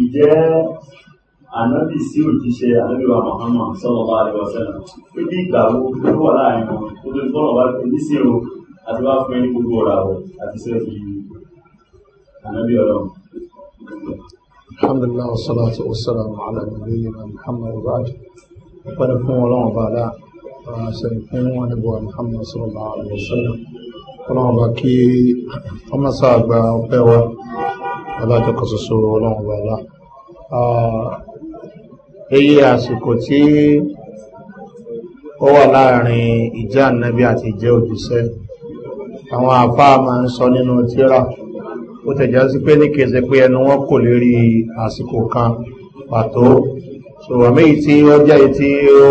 Ǹjẹ́ ànábì sí òjíṣẹ́ ànábìwà Mọ̀hánmà sọ́lọ́bà àríwọ̀sẹ́lá. Ó ní ìgbà wo ló wà láàrin wọn, ó tó tọ́lọ̀ wá pé ní sí o, àti wá fún ẹni gbogbo ọ̀rà wọ̀ àti sẹ́ fi ànábì ọlọ́run. Alhamdulillah wa salatu wa salam ala nabiyyina Muhammad wa ba'd. Ọpẹ́ fún ọlọ́run ọba àlá, ọ̀rọ̀ àṣẹ fún ànábìwà Muhammad sọ́lọ́bà àríwọ̀sẹ́lá. Ọlọ́run ọba kí ọmọ sáàgbà ọpẹ́ wa alájọkọ̀ soso ọlọ́run bàbá eye àsìkò tí ó wà láàrin ìjẹ́ ànábí àti ìjẹ́ òjúṣẹ́ àwọn àfáà máa ń sọ nínú tíra ó tẹ̀já sí pé ní kèsè pé ẹnu wọn kò lérí àsìkò kan pàtó so àmì tí ó jẹ́ tí ó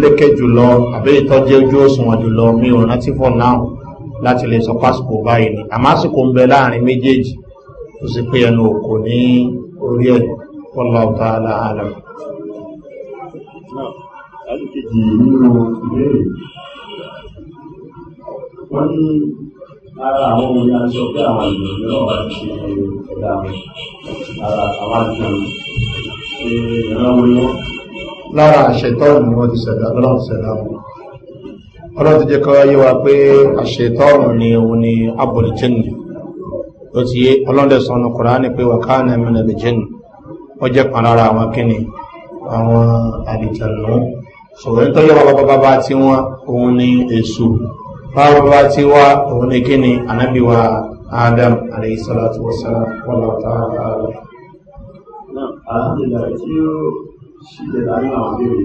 lékè jùlọ àbí ìtọ́jẹ́ ojú òṣùwọ̀n jùlọ mi ò rántí for now láti lè sọ pásìkò báyìí ni àmásìkò ń bẹ láàrin méjèèjì tó sì pé ẹnu òkò ní orí ẹ̀ wọ́lá ọ̀tá aláàlá. wọ́n ní ara àwọn ohun ya sọ pé àwọn ènìyàn mìíràn bá ti ṣe ẹ̀dá ara àwọn àjọyọ̀ ṣe ìrànwọ́ lára àṣetọ́ ìmọ̀ ti ṣẹ̀dá lọ́wọ́ ṣẹ̀dá wọn ọlọ́run ti jẹ́ kọ́ yé wa pé àṣetọ́rùn ni òun ni abòlìjẹ́nì ó ti yé ọlọ́dẹ̀sán ọ̀nà kùránì pé wà káàní mẹ́nà lìjẹ́nì ó jẹ́ kan lára àwọn kíni àwọn àlìjẹ̀nù ṣòwòrán tó yẹ wa bàbá tí wọn òun ni èṣù bàbá tí wa òun ni kíni anábìwa adam alayhi salatu wa salam wọn lọ tá a. náà àdìlà tí ó ṣì lè láyé àwọn béèrè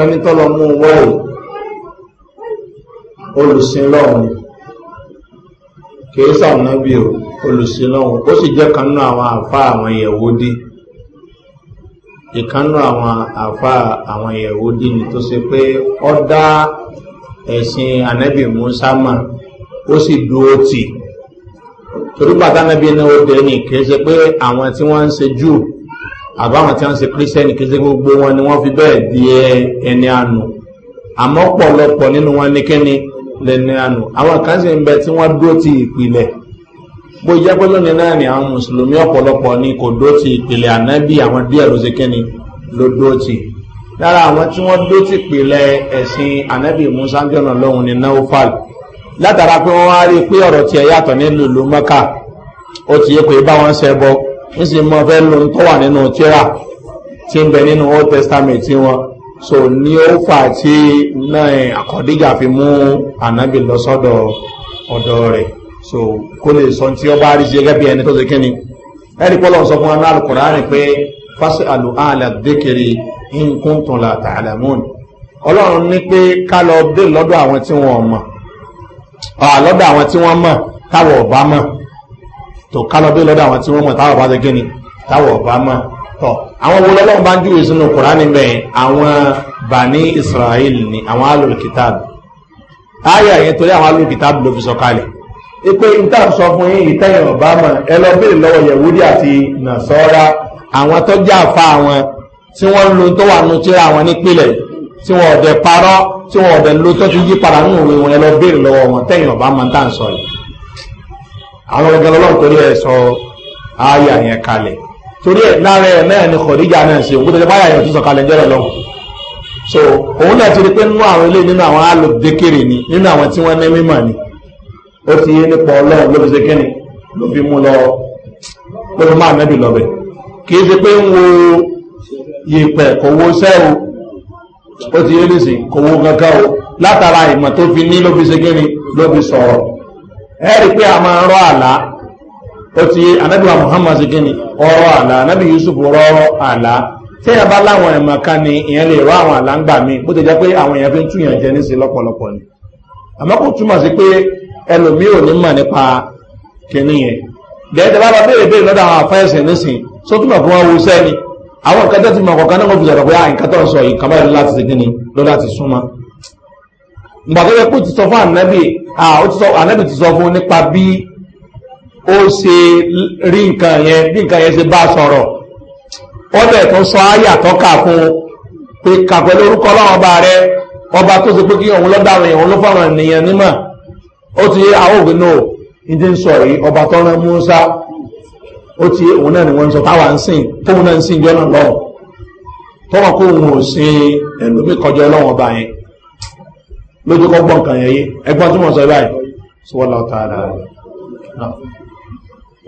ẹni tọ́lọ mú wọ́ọ̀ olùsìnlọ́run kìí sàmúnábí o olùsìnlọ́run ó sì jẹ́ kanú àwọn àfá àwọn ìyẹ̀wó dí ìkanú àwọn àfá àwọn ìyẹ̀wó dí ni tó ṣe pé ọ dá ẹ̀sìn anẹ́bì musámà ó sì dúró tì torí pàtàkì náà ó dẹ́ ní kìí pé àwọn tí wọ́n ń ṣe jù àbáwọn tí wọ́n ṣe kírísítẹ́nì kéṣe gbogbo wọn ni wọ́n fi bẹ́ẹ̀ di ẹni àánú àmọ́ pọ̀lọpọ̀ nínú wọn ní kíni lẹ́ni àánú àwọn kan sì ń bẹ tí wọ́n dúró ti ìpìlẹ̀ bó jẹ́ pé lónìí náà ni àwọn mùsùlùmí ọ̀pọ̀lọpọ̀ ni kò dúró ti ìpìlẹ̀ ànábì àwọn díẹ̀ ló ṣe kíni ló dúró ti lára àwọn tí wọ́n dúró ti ìpìlẹ̀ ẹ̀sìn ànábì musa jọ̀nà lọ́hùn ní naufal látara pé wọ́n wá rí i pé ọ̀rọ̀ tiẹ̀ yàtọ̀ nílùú lùmọ́kà ó ti yẹ kó ibà wọn ṣẹ́ bọ́ ń sì mọ fẹ́ lo tó wà nínú tíra tí ń bẹ nínú old testament tí wọn so ní ó fà tí náà àkọ́díjà fi mú ànábì lọ sọ́dọ̀ ọ̀dọ̀ rẹ̀ so kó lè sọ tí ó bá rí sí gẹ́gẹ́ bí ẹni tó ṣe kíni ẹ̀rí pọ́lọ̀ sọ fún aná alukùnrin pé fásitì àlù àlà dékèrè nǹkan tó la tààlà mọ́ni ọlọ́run ní pé ká lọ dé lọ́dọ̀ àwọn tí wọ́n mọ̀ lọ́dọ̀ àwọn tí wọ́n mọ̀ táwọn ọ̀bá mọ̀ tó kálọ dé lọ́dọ̀ àwọn tí wọ́n mọ̀ táwọ̀ bá ṣe kíni táwọ̀ bá mọ̀ tọ̀ àwọn wo lọ́lọ́run bá ń júwe sínú kùránì bẹ́ẹ̀ àwọn bani israel ni àwọn alùkìtàbù ayé àyè torí àwọn alùkìtàbù ló fi sọ kalẹ̀ ipe ìta sọ fún yín ìtẹ̀yìn ọ̀bá mọ̀ ẹ lọ bèèrè lọ́wọ́ yẹ̀wúdí àti nàṣọ́ra àwọn tó jẹ́ àfa àwọn tí wọ́n ń lo tó wà nù tíra àwọn nípìnlẹ̀ tí wọ́n ọ̀dẹ̀ parọ́ tí wọ́n ọ̀dẹ̀ lo tó ti yí padà nínú òwe wọn ẹ lọ bèèrè lọ́wọ́ wọn tẹ̀yìn ọ̀bá mọ̀ ń tà ń sọ yìí àwọn ẹgbẹ́ ọlọ́run torí ẹ sọ ayà yẹn kalẹ̀ torí ẹ lára ẹ náà ni kọ̀díjà náà ṣe òkú tẹ́lẹ̀ báyà yẹn ti sọ kalẹ̀ jẹ́rẹ̀ lọ́hùn so òun náà ti rí pé nínú àwọn ilé nínú àwọn alòdékèrè ni nínú àwọn tí wọ́n ní mímọ̀ ni ó ti yé nípa ọlọ́run ló fi ṣe kíni ló fi mú lọ ló fi máa ẹ̀rí pé a máa rọ́ àlá ó ti anábíwa muhammad zikini ọrọ̀ àlá anábí yusuf rọ́rọ̀ àlá tí a bá láwọn ẹ̀mọ̀ kan ni ìyẹn lè rọ́ àwọn àlá ń gbà mí bó ti jẹ́ pé àwọn èèyàn fi ń túyàn jẹ ní sí lọ́pọ̀lọpọ̀ ni àmọ́ kò túmọ̀ sí pé ẹlòmíì ò ní mọ̀ nípa kìnní yẹn gẹ́gẹ́ bá bá béèrè béèrè lọ́dọ̀ àwọn àfẹ́sẹ̀ nísìn só túmọ̀ fún wọn wo sẹ́ni àwọn nǹkan tó ti mọ̀ kọ̀ọ̀kan náà gbàtọ́ yẹ kó ti sọ fún ànábì ànábì ti sọ fún nípa bí ó ṣe rí nǹkan yẹn bí nǹkan yẹn ṣe bá sọ̀rọ̀ ọbẹ̀ tó sọ ayà tó kà fún pé kà pẹ̀lú orúkọ ọlọ́run ọba rẹ ọba tó ṣe pé kí òun lọ́dà àwọn èèyàn ló fáwọn ènìyàn nímọ̀ ó ti àwọn òbí náà ìdí ń sọ yìí ọba tó rán musa ó ti òun náà ni wọ́n ń sọ táwa ń sìn tóun náà ń sìn jọ́nà lọ́wọ́ tọ́wọ́ kó òun ò sin ẹ̀lòmí kọjá ọlọ́run ọba lójú kọ́ gbọ́n kan yẹn yé ẹgbọ́n tí mo sọ báyìí sọ́wọ́ lọ ta ara rẹ̀.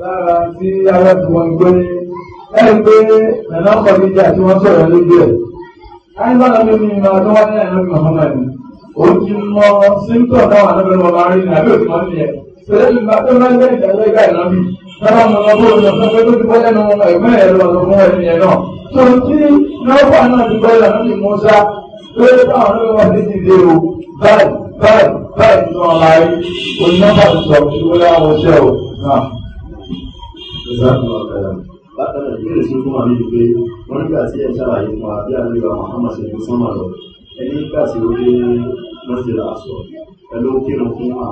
lára tí arábìnrin wọn gbé ẹni pé nàná kọ́ mi jà tí wọ́n sọ̀rọ̀ lójú ẹ̀ ayélujára mi ni màá tó wá ní ẹ̀rọ mi màmá mi ó ti mọ síńtọ̀ táwọn anábẹ́rẹ́ wọn máa rí ní àbí òsì máa ń yẹ pẹ̀lú ìgbà tó máa ń gbé ìdájọ́ ìgbà ìnáwó Bára mọ̀ lọ bóyá lọ sọ́kẹ́ tó ti bọ́ lẹ́nu ẹ̀gbọ́n ẹ̀ lọ lọ fún ẹni yẹn náà. Tó ń tí náà wà náà ti bọ́ lẹ́nu ní pé báwọn náà wà ti dé o báyìí báyìí báyìí ní wọn máa rí onínọ́mbà sọ̀rọ̀ tí ó yá wọn ṣẹ́ o náà. bákan náà ìbéèrè tí ó fún wa ní ìgbé wọn nígbà tí ẹ ṣàlàyé fún wa bí àlejò àwọn àmọ́ ṣe lọ ẹni nígbà tí ó dé mọ́tìlá aṣọ ẹ fún àwọn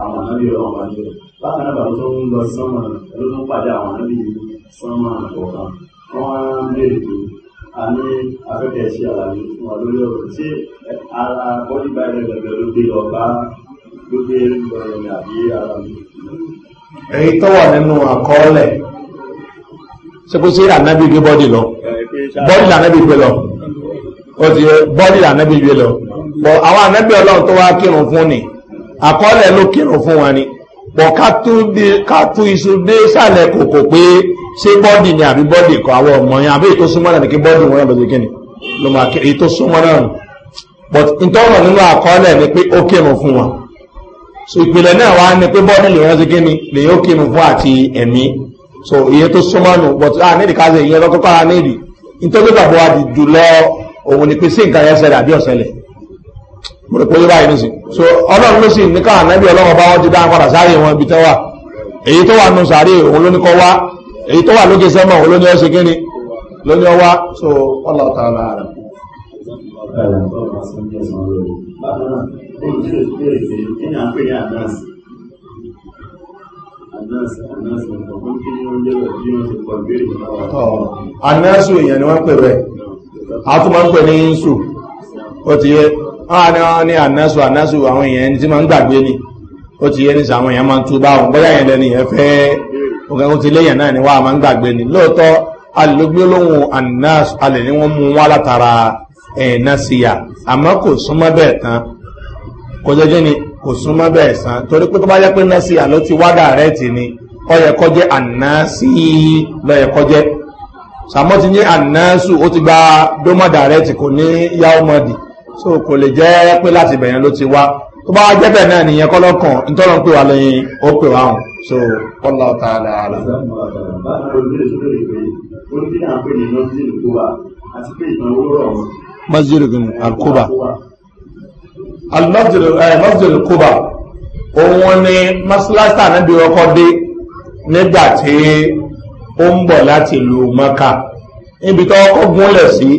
àwọn ànábì ọlọ́run bá níbẹ̀ bákan náà bàbá tó ń lọ sánmà ẹ pàdé àwọn ànábì sánmà kọ̀ọ̀kan wọ́n á lè dé a ní afẹ́fẹ́ àlàyé fún wa lórí ọ̀rọ̀ tí ara bọ́dì báyìí lẹ́gbẹ̀ẹ́ ló dé ọba ló dé ẹni àbí ara mi. èyí tó wà nínú àkọọ́lẹ̀ ṣe kó sí ànábì gbé bọ́dì lọ bọ́dì lànábì gbé lọ ó ti bọ́dì lànábì gbé lọ bọ̀ àwọn ànábì ọlọ́run tó wá kírun fún ni àkọọ́lẹ̀ ló kírun fún wa ni pọ̀ ká tú iṣu dé sàlẹ̀ kòkò pé ṣé bọ́dì ni àbí bọ́dì kan àwọn ọmọ yẹn àbí ètò súnmọ́ náà ni kí bọ́dì wọn náà lọ́dún kí ni ló máa ètò súnmọ́ náà but ìtọ́rọ̀ nínú àkọọ́lẹ̀ ni pé ó kírun fún wọn so ìpìlẹ̀ náà wá ní pé bọ́ọ̀lù lèyàn ti gíní lèyàn ó kírun fún àti ẹ̀mí so iye tó súnmọ́ nù but a nídìí ká ṣe ìyẹn lọ́kọ́ kára nídìí nítorí gbàgbọ́ wa di jùlọ òun ni pé sí nǹkan yẹn ṣẹlẹ̀ àbí ọ̀sẹ̀lẹ̀ mo rò pé yóò báyìí nísìn so ọlọ́run ló sì ní káwọn nábì ọlọ́run bá wọn ti dá padà sáré wọn ibi tẹ́ wà èyí tó wà nù sáré òun ló ní kọ́ wá èyí tó wà lókè sẹ́mọ̀ òun ló ní ọ́ ṣe kíni ló ní ọ wá so ọlọ́ọ̀ta ọlọ́run. 呃，包括什么叫什么任务？那当然，我们这个这个是经常会干的。Anasu èèyàn ni wọ́n pè bẹ́ẹ̀, a tún máa ń pè ní Yinsu, ó ti yé, a ní àwọn èèyàn ẹni tí máa ń gbàgbé ni, ó ti ní sàwọn èèyàn máa ń bóyá fẹ́ ti náà ni wọ́n ẹ̀ẹ̀na sí àmọ́ kò súnmọ́ bẹ́ẹ̀ tán kò jẹ́ ni kò súnmọ́ bẹ́ẹ̀ san torí pé tó bá yẹ ló ti wá dàrẹ́ẹ̀tì ni ọyẹ kọjẹ́ ànásì lọ́yẹ kọjẹ́ sàmọ́ ti ní ànásù ó ti gba dómọ̀ dàrẹ́ẹ̀tì kò ní yáwọ́mọ̀dì so kò lè jẹ́ pé láti bẹ̀yẹn ló ti wá tó bá jẹ́ náà nìyẹn kọ́lọ́kàn pè wá lẹ́yìn ó pè wá hàn so kọ́lá ọ̀tá àti pé ìtàn owó rọ̀ masjid al-kuba eh, masjid al-kuba òun ni masilasa níbi ọkọ dé nígbà tí ó ń bọ̀ láti lu mọ́ka níbi tó ọkọ̀ gúnlẹ̀ sí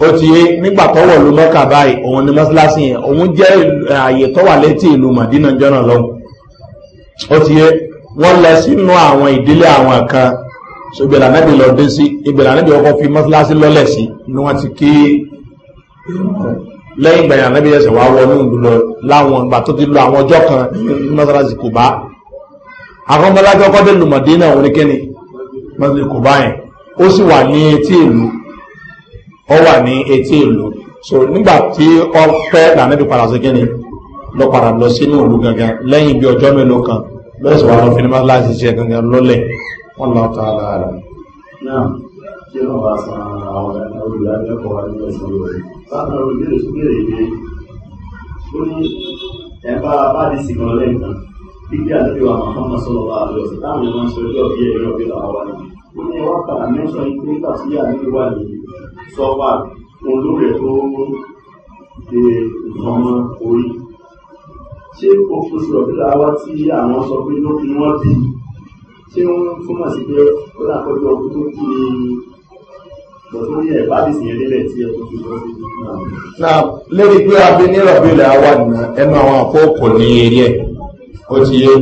ó ti yé nígbà tó wọ̀ lu mọ́ka báyìí òun ni masilasi yẹn òun jẹ́ ààyè tó wà létí ìlú mọ̀dínà jọ́nà lọ́wọ́ ó ti yé wọ́n lọ sínú àwọn ìdílé àwọn kan ṣùgbọ́n ànábì lọ sí ìbẹ̀rẹ̀ ànábì ọkọ̀ fi mọ́síláṣí lọ́lẹ̀ sí ni wọ́n ti kí lẹ́yìn ìgbà yẹn ànábì ẹsẹ̀ wá wọnú lọ láwọn ìgbà tó ti lọ àwọn ọjọ́ kan ní mọ́síláṣí kò bá akọ́mọlájọ́ ọkọ̀ lùmọ̀dé náà wọn ni kẹ́ni mọ́síláṣí kò bá yẹn ó sì wà ní etí ìlú ọ wà ní etí ìlú so nígbà tí ọ fẹ́ lànàbì padà sí kẹ́ni lọ padà lọ sínú òlu gangan lẹ́yìn bí ọjọ́ mélòó kan lọ́sọ̀ wà lọ fi ní mọ́síláṣí ṣe gangan lọ́lẹ̀ wọ́n lọ́ọ́ ta rẹ̀. Yeah kí ló bá san àwọn olùdarí akẹ́kọ̀ọ́ wa nílẹ̀ sí ọ̀rọ̀ rẹ̀. Bákan náà ìbéèrè tó béèrè pé ó ní ẹ̀bá bádìsì kan lẹ́ẹ̀kan gbígbé àdébí wa àwọn ọmọ sọ̀rọ̀ wa àlọ́ sí táwọn èèyàn ń sọ ẹjọ́ bí ẹ̀rọ bí làwọn wà níbi. Ó ní wọ́n padà mẹ́sàn yìí pé nígbà tí yà níbi wà ní sọ́fà ohun ló rẹ̀ tó de ìtọ́mọ orí. Ṣé náà lérí pé abẹ ní rọ̀bílẹ̀ àwà nìna ẹnu àwọn àpòkò ní eré ẹ̀ ó ti yé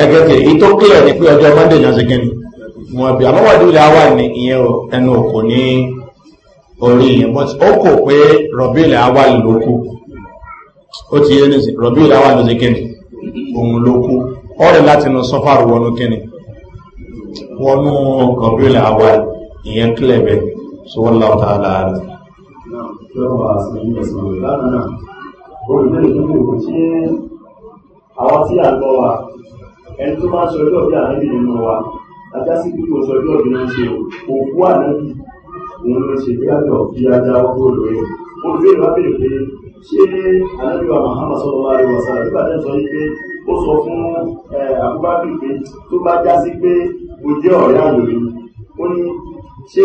ẹgẹ́gẹ́ èyí tó kílẹ̀ ní pé ọjọ́ monday ní ọ̀sẹ̀ gẹ́ni wọ́n bí àmọ́wàdúlẹ̀ àwà ní ìyẹn ẹnu òkò ní orí yẹn but ó kò pé rọ̀bílẹ̀ àwà lókù ó ti yé nísìn rọ̀bílẹ̀ àwà lóṣẹ̀ ìyẹn kílẹ̀ bẹ́ẹ̀ so wọ́n láwọ́ tá a la rẹ̀. àwọn tí a gbọ́ wa ẹni tó máa ń sọ ẹjọ́ bí àárín nínú wa ajásí pípò sọ ẹjọ́ bí wọ́n ṣe òkú ànábì òun ló ṣe bí àjọ bí ajá ọgbọ́n lórí olùbéèrè bá béèrè pé ṣé anábíwá mahama sọ̀rọ̀ wá rí wọ̀sá nígbà tẹ́ sọ pé ó sọ fún àbúbákì pé tó bá já sí pé mo jẹ́ ṣé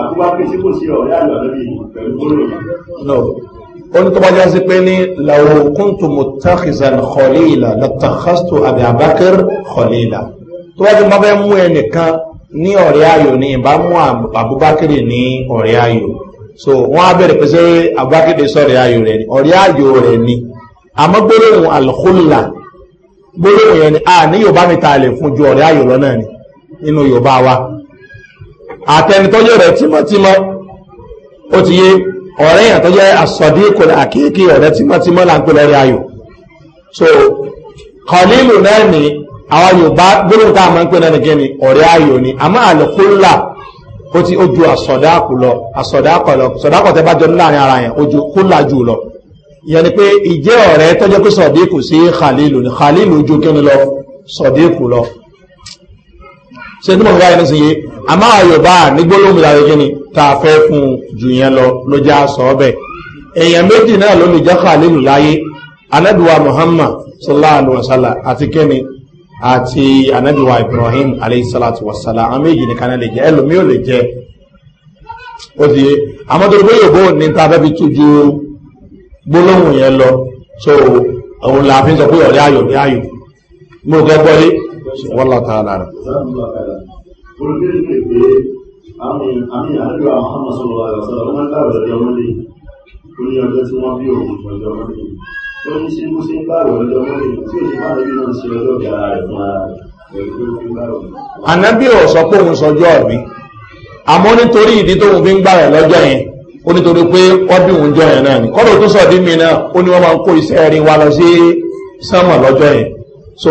àbúrò pé tí kò sí ọ̀rẹ́ àgbà lórí pẹ̀lú gbólóhùn yìí. قل تبا بني لو كنت متخذا خليلا لاتخذت ابا بكر خليلا تبا ما بين مو نكان ní ọ̀rẹ́ ayò ní ìbá mú àbúbákìrì ní ọ̀rẹ́ ayò so wọ́n á bẹ̀rẹ̀ pé ṣé àbúbákìrì sọ̀rẹ́ ayò rẹ̀ ni ọ̀rẹ́ ayò rẹ̀ ni àmọ́ gbólóhùn alhulila gbólóhùn yẹn ni a ní yorùbá mi ta lè fún ju ọ̀rẹ́ ayò lọ náà ni nínú yorùbá wa àtẹnitọ́jọ́ rẹ̀ tímọ́tímọ́ ó ti yé ọ̀rẹ́ yàn tó jẹ́ àsọ̀dí kò ní àkíkí ọ̀rẹ́ tímọ́tímọ́ là ń pè lọ́rẹ́ ayò so kọ̀nílù náà ni àwọn yorùbá gbólóhùn tá a máa ń pè náà nìkan ni ọ̀rẹ́ ayò ni àmọ́ àlùkùnlà ó ti ó ju àsọ̀dáàkù lọ àsọ̀dáàkù lọ sọ̀dáàkù tẹ bá jọ ní láàrin ara yẹn ó ju kùnlà jù lọ ìyẹn ni pé ìjẹ́ ọ̀rẹ́ tọ́jọ́ pé sọ̀díkù sí khalilu ni khalilu ju kí ni lọ sọ̀díkù lọ ṣe tí mo fi báyìí nísìnyí àmọ́ àyọ̀bá nígbólóhùn ìdájọ́ kí ni tá a fẹ́ fún jù yẹn lọ ló já sọ ọ́ bẹ́ẹ̀ èèyàn méjì náà ló lè jẹ́ khalilu láyé anabiwa muhammad sallallahu alaihi wasallam àti kẹ́ni àti anabiwa ibrahim alayhi salatu wasallam àwọn méjì nìkan náà lè jẹ́ ẹlòmíì ò lè jẹ́ ó ti yé àmọ́ tó gbé yòbó ní ta fẹ́ fi tújú gbólóhùn yẹn lọ so òun là fi sọ pé ọ̀rẹ́ ayò ní ayò mo kẹ́ gbọ́lé wọ́n lọ́ta lára olùdíje pé àmì àmì àdúgbò àwọn ọmọsọ̀rọ̀ àyọ̀sọ̀rọ̀ wọn gbàgbọ́ lọ́jọ́ mọ́lẹ̀ ó ní ọjọ́ tí wọ́n bí òun lọ́jọ́ mọ́lẹ̀ ó ní ṣe bó ṣe ń gbàgbọ́ lọ́jọ́ mọ́lẹ̀ tí ó ti máa lórí náà ṣe ọjọ́ ìyá rẹ̀ fún ara rẹ̀ pẹ̀lú pé ó gbàgbọ́. ànábì ò sọ pé òun sọjọ́ ọ̀bí àmọ́ nítorí ìdí tóun fi ń gbàgbọ́ lọ́jọ́ yẹn ó nítorí pé wọ́n bí òun jọ yẹn náà ni kọ́dọ̀ tó sọ̀dí mi náà ó ní wọ́n máa ń kó iṣẹ́ rí wa lọ sí sánmọ̀ lọ́jọ́ yẹn so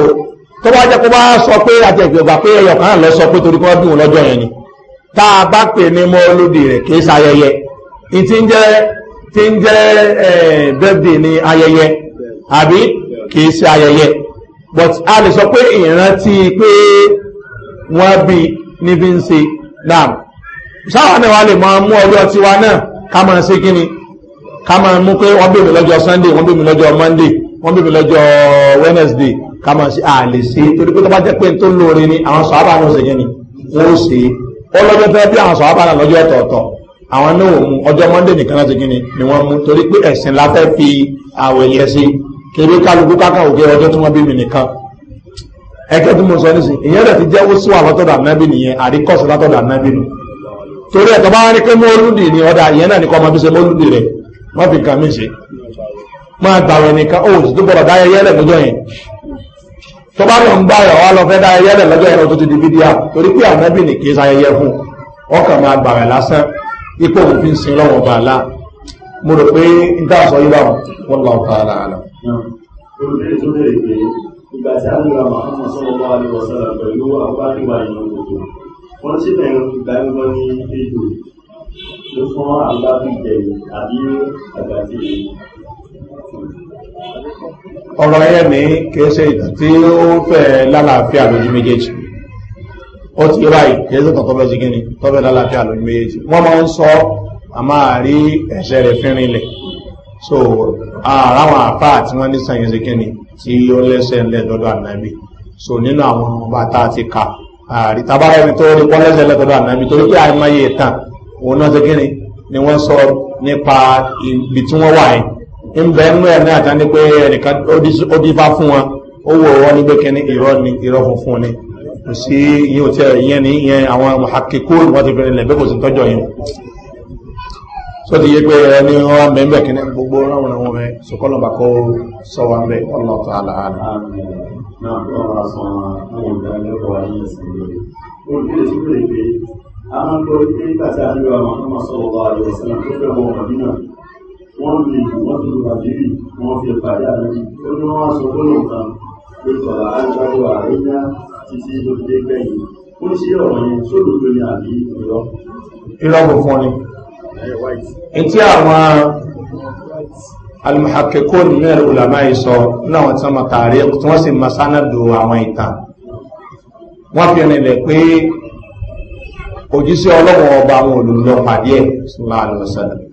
tó wá jẹ́ kó bá sọ pé àtẹ̀gbẹ̀gbà pé ẹyọ kan lọ sọ pé torí kí wọ́n bí lọ́jọ́ yẹn ni tá a bá pè ní mọ́lódì rẹ̀ kì í sayẹyẹ ìtí ń jẹ́ tí ń jẹ́ eh, bẹ́ẹ̀dì ní ayẹyẹ àbí kì í ṣe ayẹyẹ but a lè sọ pé ìrántí pé wọ́n bí níbi ń ṣe náà sáwọn náà wà lè máa mú ọjọ́ tiwa náà ká máa ṣe kíni ká máa mú pé wọ́n bí mi lọ́jọ́ sunday wọ́n bí mi lọ́jọ́ monday wọ́n bí mi lọ́jọ́ wednesday ká máa ṣe àlè ṣe torí pé tó bá jẹ́ pé tó lóore ni àwọn sọ̀hábà náà ṣe yẹn ni wọ́n ó ṣe é ó lọ́jọ́ fẹ́ bí àwọn sọ̀hábà náà lọ́jọ́ ọ̀tọ̀ọ̀tọ̀ àwọn náà mú ọjọ́ monday nìkan láti gíní ni wọ́n mú torí pé ẹ̀sìn la fẹ́ fi àwẹ̀ yẹ sí kébé kálukú káka òkè ọjọ́ tí wọ́n bí mi nìkan ẹgbẹ́ tí mo sọ ní sí ìyẹn rẹ̀ ti jẹ́ ó síwà látọ̀dọ̀ ànábì nìyẹn àríkọ́sí látọ̀dọ̀ ànábì nù torí ẹ̀tọ́ bá rí pé mọ́lúdì ni ọ̀dà ìyẹn náà ní kọ́ ọmọ bí ṣe mọ́lúdì rẹ̀ wọ́n fi kàn mí ṣe máa gbàwẹ̀ nìkan ó sì tó gbọ́dọ̀ dáyẹyẹ rẹ̀ lọ́jọ́ yẹn tó bá lọ ń gbá ẹ̀rọ wá lọ fẹ́ dá ẹyẹ rẹ̀ lọ́jọ́ ẹ̀rọ tó ti di fídíà torí pé ànábì ní kéésà ẹyẹ fún ọkàn máa gbà rẹ̀ lásán ipò òfin sin lọ́wọ́ bàálà mo rò pé n tá a sọ yíwá wọn lọ ta ara rẹ̀. olùdíje tó lè pè é ìgbà tí àdúrà mahamma sọ́wọ́ bá lè wọ̀sára pẹ̀lú àgbáríwá ìlú gbogbo wọ́n ti lẹ̀ ìgbà ẹ̀rọ ní èdò ló fún àgbábí ìjẹ̀yìn àbí àgbàdì ọ̀rọ̀ ẹ̀mí kẹsẹ̀ tí ó fẹ́ lálàáfíà lójú méjèèjì ó ti ráì kẹsẹ̀ kan tọ́fẹ́ sí kíni lálàáfíà lójú méjèèjì wọ́n máa ń sọ a máa rí ẹ̀ṣẹ̀ rẹ̀ fínrin so àràwọn àpá tí wọn ní sàyẹn sí tí ó lẹ́sẹ̀ lẹ́dọ̀dọ̀ ànábì so nínú àwọn ti kà àrí tó rí ànábì torí pé àìmọye ìtàn òun náà ni sọ ibi tí wà ń bẹ ń rẹ̀ ní àtà ní pé ẹnìkan ó dífá fún wọn ó ni kò sí ìyẹn òtí ìyẹn ní ìyẹn àwọn àkíkó wọn ti fẹ́rẹ̀ lẹ́bẹ̀ kò sí tọjọ yẹn tó ti yé pé ẹni wọn wá mẹ́ gbogbo ráwọn àwọn ọmọ sọkọlọ bá sọ a wọ́n lè wọ́n fi wàjírí wọ́n fi pàdé àrẹ́bí ó ní wọ́n sọ lọ́nà kan ló tọ̀lá agbábọ̀ àríyá títí tó fi dé gbẹ̀yìn ó ní sí ọ̀rọ̀ yẹn sódòdó ni àbí ìrọ́. ìrọ́bù fún ni etí àwọn alimuhakeko nínú ẹ̀rọ ìlànà ìsọ nínú àwọn tí wọ́n mọ̀ tààrí tí wọ́n sì mọ sánàdù àwọn ìtàn wọ́n fi rinlẹ̀ pé òjísé ọlọ́wọ́ ọba àwọn olùlọ ẹ̀ sọ́lá àlùmọ́sálàmù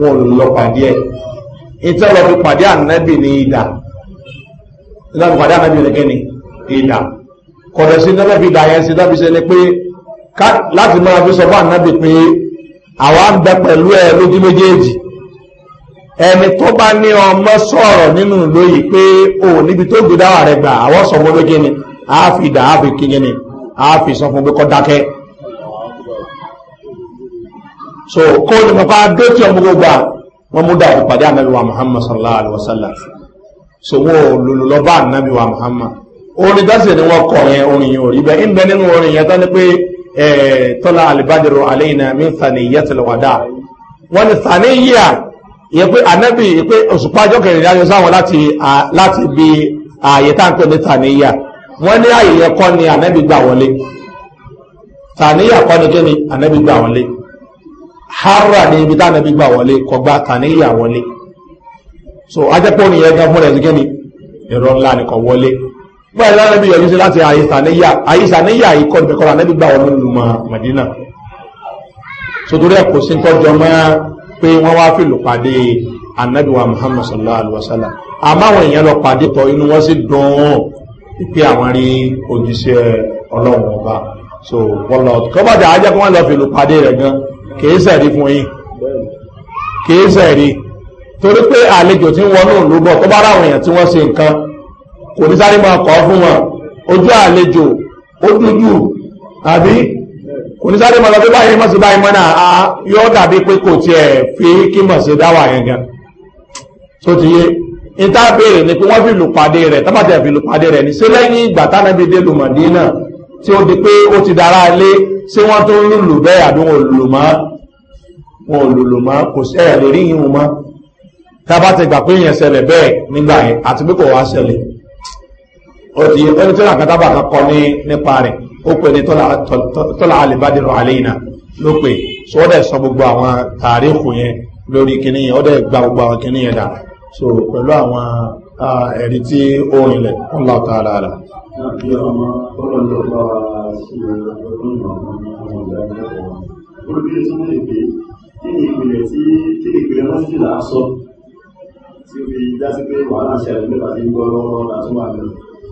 wọn ò lọ pàdé ẹ̀ lọ fi pàdé ànábì ní ìdà ìtẹ́ fi pàdé ànábì ní kíni ìdà kọ̀dọ̀ sí ìtẹ́ fi dà yẹn sí fi pé láti máa fi sọ fún ànábì pé àwa ń bẹ pẹ̀lú ẹni tó ní ọmọ sọ̀rọ̀ nínú pé so kó ní pàpá dókè ọmọ gbogbo wọn mú dàbí pàdé ànábi wa muhammad sallallahu alaihi wasallam so wọn ò lòlò lọ bá ànábi wa muhammad orin dáṣẹ ni wọn kọ yẹn orin yẹn orí bẹ ń bẹ nínú orin yẹn tán ni pé tọ́lá alibadiru aleyna mi sani yẹtìlwada wọn ni sani yíya yẹ pé ànábi yẹ pé òṣùpá ọjọ́ kẹrìndínlẹ́ ayọ̀ sáwọn láti bí ààyè tá à ń pè ní sani yíya wọ́n ní àyè yẹn kọ́ ni ànábì gbà wọlé tàníyà kọ́ ni kíni ànábì gbà wọlé hara ni ibi tánàbí gbà wọlé kọgbà tàníyà wọlé so ajẹ́pọ̀ ni ẹgbẹ́ fún ẹ̀sùn gẹ́ni ẹ̀rọ ńlá nìkan wọlé gbà ìlànà nàbí yọjú sí láti àyíṣàníyà àyíṣàníyà ikọ̀ ìbẹ̀kọ̀rọ̀ nàbí gbà wọlé nínú madina so torí ẹ̀kọ́ sí tọ́jọ mọ́ pé wọ́n wá fìlù pàdé anabiwa muhammad sallallahu alaihi wa sallam àmọ́ àwọn èèyàn lọ pàdé tọ́ inú wọn sì dùn pé àwọn rí ojúṣe ọlọ́run ọba so wọ́n lọ kọ́ bàjẹ́ ajẹ́kọ́ wọn lọ fìlù pàdé rẹ̀ gan-an kìí sẹ̀rí fún yín kìí sẹ̀rí torí pé àlejò tí wọ́n náà ló bọ̀ tó bá ráwọn èèyàn tí wọ́n se nǹkan kò ní sáré máa kọ́ fún wọn ojú àlejò ó dúdú àbí kò ní sáré máa lọ bí báyìí mọ̀ sí báyìí mọ́ náà yóò dàbí pé kò tiẹ̀ fi kí mọ̀ sí dáwà gangan tó ti yé níta béèrè ni pé wọ́n fi lù rẹ̀ tábàtì fi lù rẹ̀ ní sí lẹ́yìn ìgbà tánàbí dé lùmọ̀dé náà tí ó di pé ó ti dára lé sí wọ́n tó lùlù bẹ́ẹ̀ àbí wọn lùlù mọ́ wọn lùlù mọ́ kò sí ẹ̀ lè rí ìhun mọ́ tá a bá ti gbà pé ìyẹn ṣẹlẹ̀ bẹ́ẹ̀ nígbà yẹn àti pé kò wá ṣẹlẹ̀ ó ti ẹni tó làkàtà bàtà kọ ní nípa rẹ̀ ó pè ní tọ́lá alìbádìrò àlẹ́yìnà ló pè so ó dẹ̀ sọ gbogbo àwọn tàríkù yẹn lórí kìnìyàn ó dẹ̀ gba gbogbo àwọn kìnìyàn dà so pẹ̀lú àwọn ẹ̀rí tí ó rìnlẹ̀ ọlọ́ta alára tí ó fi dásí pé wàhálà ṣẹlẹ̀ nípa tí ń gbọ́ lọ́wọ́ látúnwà náà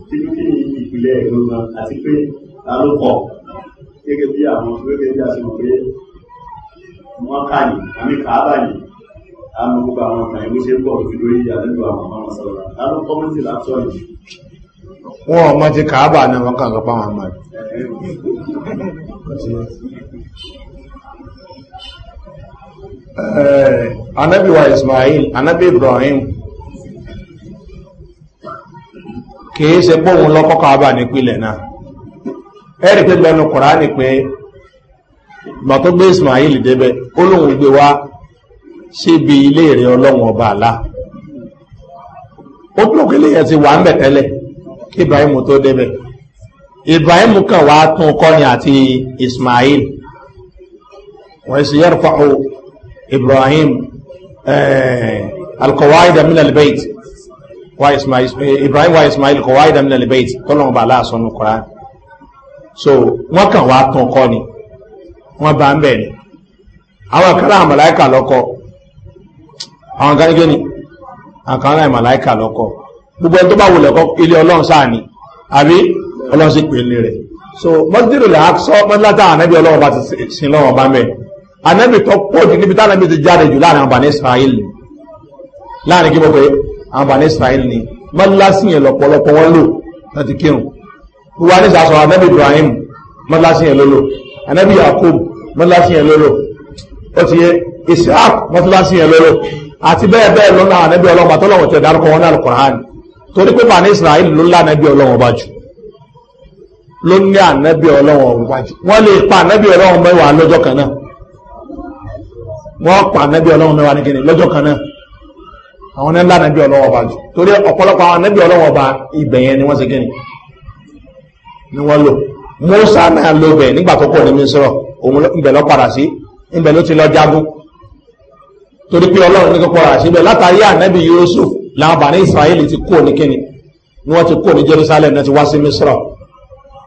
tí ó kí ní ìpìlẹ̀ ìlúgbà àti pé alópọ̀ gẹ́gẹ́ bí àwọn gẹ́gẹ́ bí a ṣe mọ̀ pé wọ́n kà ní àmì kàábà yìí a mọ gbogbo àwọn ọ̀nà ìwé ṣe pọ̀ fi lórí àlejò àwọn ọmọ sọ̀rọ̀ àwọn kọ́mẹ́ntì látọ̀ yìí. wọn ọmọ ti kàábà náà wọn kàn lọ pa wọn anabi wa ismail anabi ibrahim kìí ṣe lọ́kọ́ kàábà nípìnlẹ̀ náà ẹ̀rì pé tó gbé ismail débẹ̀ ó lóun síbi ilé rẹ ọlọ́run ọba àlá ó dúró kílé yẹn ti wà ń bẹ̀ tẹ́lẹ̀ kí ibrahim tó débẹ̀ ibrahim kan wàá tún kọ́ni àti ismail wọ́n sì yẹ́rù fáwọn ibrahim alkọ̀wáì dàmínà libait ibrahim wa ismail kọ̀wáì dàmínà libait tọ́lọ́run ọba àlá àsọnù kọ́ra so wọ́n kàn wàá tún kọ́ni wọ́n bá ń bẹ̀ ni àwọn kan láàmú láìka lọ́kọ̀ọ́ àwọn kan nígbẹ́ ni àkàn láì màláìkà lọ́kọ̀ gbogbo ẹni tó bá wulẹ̀ kọ́ ilé ọlọ́run sáà ni àbí ọlọ́run sì pè é rẹ̀ so mọ́sídìrì là á sọ mọ́sílátà ànábì ọlọ́run bá ti sin lọ́wọ́ bá mẹ́ ànábì tó pọ̀ jù níbi tánábì ti jáde jù láàrin àbàní israel láàrin kí mo pé àbàní israel ni mọ́sílásì yẹn lọ́pọ̀lọpọ̀ wọn lò láti kírun wíwá ní sàásọ ànábì ibrahim mọ́sílásì yẹn lólò ànábì yakub mọ́sílásì yẹn lólò ó ti yẹ isaac mọ́sílásì yẹn lólò àti bẹ́ẹ̀ bẹ́ẹ̀ lọ́nà ànábì ọlọ́run àti ọlọ́run ti ọ̀dárúkọ wọn náà kọ̀ọ̀hán torí pé bàní israel ló ń lá ànábì ọlọ́run ọba jù ló ní ànábì ọlọ́run ọba jù wọ́n lè pa ànábì ọlọ́run mẹ́wàá lọ́jọ́ kan náà wọ́n pa ànábì ọlọ́run mẹ́wàá ní kíni lọ́jọ́ kan náà àwọn ní ńlá ànábì ọlọ́run ọba jù torí ọ̀pọ̀lọpọ̀ àwọn ànábì ọlọ́run ọba ni wọ́n ṣe kíni ni wọ́n lò mọ́sá náà lọ nígbà tó kọ̀ ní mísírọ̀ òun ibẹ̀ lọ padà sí ibẹ̀ ló ti lọ jagun torí pé ọlọ́run ní kọ́kọ́ rà síbẹ̀ látàrí ànẹ́bí yusuf làwọn bàní israeli ti kú ní kíni ni wọ́n ti kú ní jerusalem náà ti wá sí misra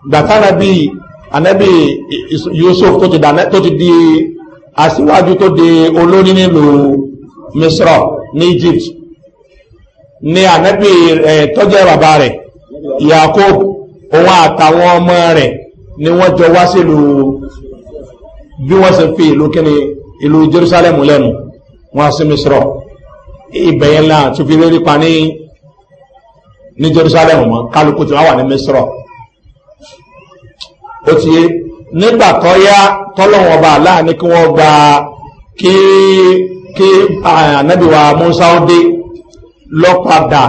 gbàtà ànẹ́bí ànẹ́bí yusuf tó ti di aṣíwájú tó di olórí nílùú misra ní egypt ni ànẹ́bí tọ́jẹ́ bàbá rẹ̀ yacob òun àtàwọn ọmọ rẹ̀ ni wọ́n jọ wá sílùú bí wọ́n sì fi ìlú kíni ìlú jerusalem lẹ́nu wọn sí misrọ̀ ìbẹ̀yẹn náà tó fi rírí pa ní ní jerusalem mọ́ kálukú tí wọ́n wà ní misrọ̀ ó ti yé nígbà tó yá tọ́lọ́wọ́n ọba aláàánú kí wọ́n gba kí kí ànábìwá musa ó dé lọ́padà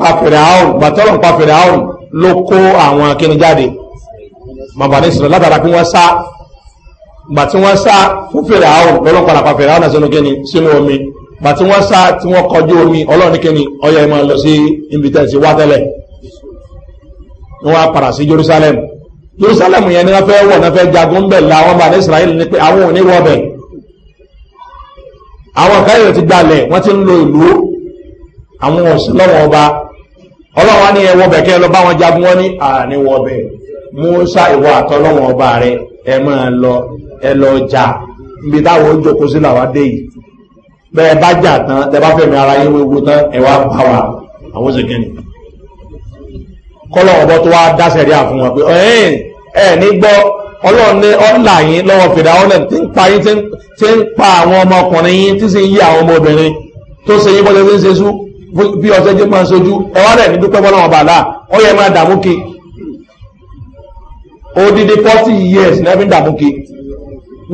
pàfẹ̀rẹ̀ àrùn gbàtọ́lọ̀ pàfẹ̀rẹ̀ àrùn ló kó àwọn akíni màbà ní ìsìnlẹ̀ látara kí wọ́n sá gbà tí wọ́n sá fún fèrè àwọn lọ́lọ́ padà pa fèrè àwọn àti sínú kíni sínú omi gbà tí wọ́n sá tí wọ́n kọjú omi ọlọ́run ní ọyọ ìmọ̀ lọ sí ibi wá tẹ́lẹ̀ wọ́n padà sí jerusalem jerusalem yẹn ni wọ́n fẹ́ wọ̀ náà fẹ́ jagun bẹ̀ la wọ́n bá ní israel ní pé àwọn ò ní wọ́ bẹ̀ àwọn káyọ̀ ti gbalẹ̀ wọ́n ti ń lo ìlú àwọn òsì lọ́wọ́ ọba ọlọ́wọ́ ni ẹ̀wọ́ bẹ̀ kẹ́ lọ bá wọn jagun wọn ní àníwọ̀ bẹ̀ musa ìwọ àtọ́ lọ́wọ́ ọba rẹ̀ ẹ máa lọ ẹ lọ jà níbi táwọn ó jókòó sí làwọn dé yìí bẹ́ẹ̀ bá jà tán tẹ bá fẹ̀mí ara yín wéwu tán ẹ wá bá wa àwọn oṣù kẹ́ni kọ́lọ̀ ọ̀bọ tó wá dáṣẹ̀ rí àfún wọn pé ẹ̀ẹ́n ẹ̀ ní gbọ́ ọlọ́run ní ọ̀là yín lọ́wọ́ fìdá ọ̀lẹ̀ tí ń pa yín tí ń pa àwọn ọmọkùnrin yín tí sì ń yí àwọn ọmọbìnrin tó ṣe yín bọ́jọ́ tí ń ṣe sú bí ọ̀sẹ̀ jẹ́ máa ń sojú ẹ̀ wá lẹ̀ ní dúpẹ́ bọ́lá wọn bàálà máa dààmú kí odidi forty years lẹ́fín dàmúkí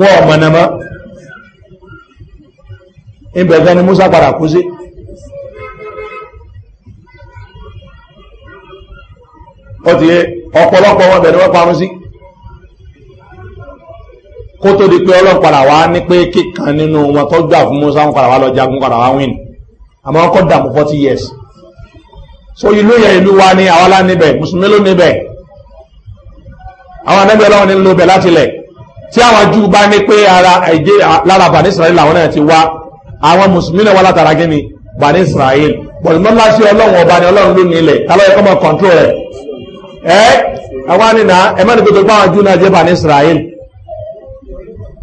wọn ọ̀mọ̀nàmọ́ ìbẹ̀gẹ́ ni musa padà kú sí ó ti yé ọ̀pọ̀lọpọ̀ wọn bẹ̀rẹ̀ wọ́n parun sí kó tó di pé ọlọ́pàá wá ní pé kíkan nínú wọn tó gbà fún musa ń padà wá lọ jagun padà wá win àmọ́ wọn kọ́ dàmú 40 years so ìlú yẹn ìlú wa ní àwa lá níbẹ̀ mùsùlùmí ló níbẹ̀ àwọn anábì ọlọ́run ní ń lo bẹ̀ láti lẹ̀ tí àwọn jù bá ní pé ara ẹ̀jẹ̀ lára bani israel làwọn náà ti wá àwọn mùsùlùmí náà wá látara gíní bani israel bọ̀dùmọ́ láti ọlọ́run ọba ni ọlọ́run ló ní ilẹ̀ tálọ́ ẹ̀kọ́ mọ́ kọ́ńtró rẹ̀ ẹ́ àwọn ànínà ẹ̀ mọ́ni gbogbo àwọn jù náà jẹ́ bani israel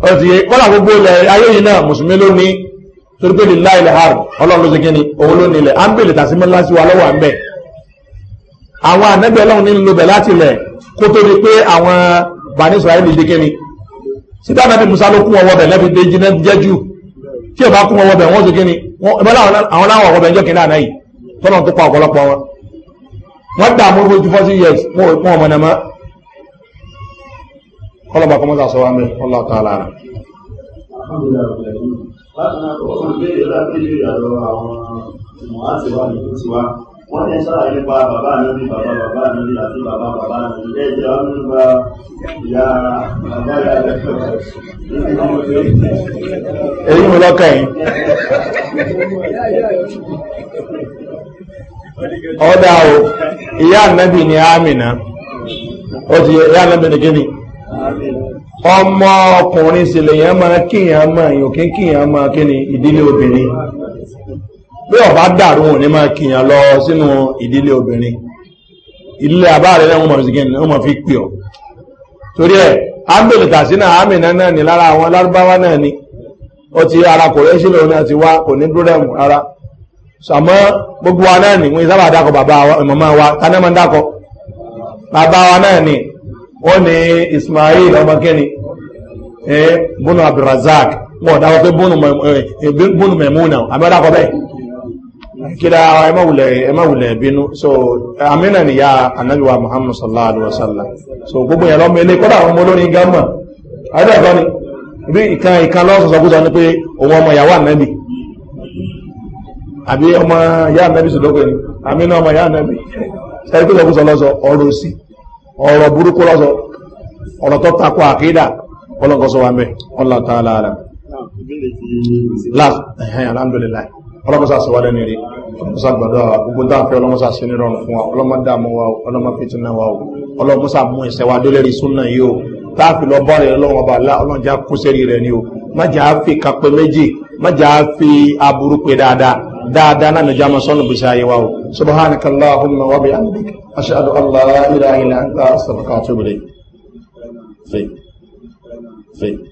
ọ̀tí kọ́lá gbogbo ilẹ̀ ayé yìí náà mùsùlùmí ló ní torí pé har ọlọ́run ló ṣe kíni kó tó di pé àwọn bani israeli dé kíni síta nàbí musa ló kún ọwọ́ bẹ̀ lẹ́bi dé jiná jẹ́jú tí ọba kún ọwọ́ bẹ̀ wọ́n ṣe kíni àwọn láwọn ọwọ́ bẹ̀ ń jọ kíni àná yìí tọ́nà tó pa ọ̀pọ̀lọpọ̀ wọn wọ́n dà mú fojú fọ́sí yẹ fún òpin ọmọ nàmọ́ kọlọ̀bà kọmọ́ sà sọ wá mẹ́ ọlọ́ta alára Alhamdulillah, wọ́n ti anyị nípa bàbá ànábì bàbá bàbá ànábì àti bàbá bàbá anyị lẹ́yìn àwọn nípa ìyá bàbá ìyá rẹ̀ èyí mo lọ́kàn yìí ọ̀dà o ìyá ànábì ni àmìnà ó ti ìyá ànábì ni kíni ọmọ ọkùnrin sì lèyàn máa kíyàn máa yòókè kíyàn máa kíni ìdílé obìnrin bí ọ̀bá dàrú òní máa kìyàn lọ sínú ìdílé obìnrin ilé àbá rẹ̀ náà wọ́n sì gẹ́ni wọ́n fi pè ọ́ torí ẹ̀ ámbèlì tàṣínà àmìnà náà ni lára àwọn lárúbáwá náà ni ó ti ara kò rẹ́ sílẹ̀ òun àti wá kò ní búrẹ́mù ara sàmọ́ gbogbo wa náà ni wọ́n sábà dákọ̀ bàbá wa ìmọ̀mọ́ wa tani máa ń dákọ̀ bàbá wa náà ni wọ́n ní ismail ọmọ kẹ́ni eh, bùnú abdulrasaq wọn dákọ̀ pé bùnú mẹ̀múnà àbẹ́dákọ̀ bẹ́ẹ̀ kíra ẹmọ́wùlẹ̀ ẹmọ́wùlẹ̀ bínú so amínà ya anábíwá muhammad sallallahu alaihi wasallam so gbogbo ẹ̀rọ mẹ́lẹ́ kọ́dà àwọn ọmọ olórin gánmà adẹ́gbọ́ ni bí ìkan ìkan lọ́sọ̀sọ̀kúsọ ní pé òun ọmọ ìyàwó ànẹ́bì àbí ọmọ ni amínà ọmọ ìyá ànẹ́bì sẹ́ríkúsọ̀kúsọ lọ́sọ ọ̀rọ̀ sí ọ̀rọ̀ burúkú lọ́sọ ọ̀rọ̀ tó takọ àkídà ọlọ́gọ́sọ wa mẹ́ ọlọ́tàlá ọlọ́mọsá sí wálé ní rí ọlọ́mọsá gbàdúrà wa gbogbo tá à ń fẹ́ ọlọ́mọsá sí ní rọrùn fún wa ọlọ́mọ dààmú wa o ọlọ́mọ fìtínà wa o ọlọ́mọsá mú ìṣẹ́ wa délẹ́rìí súnà yìí o tá a fi lọ bọ́ rẹ̀ lọ́wọ́ bá la ọlọ́njà kú sẹ́rí rẹ̀ ni o má jà á fi ashadu allah ilaha illa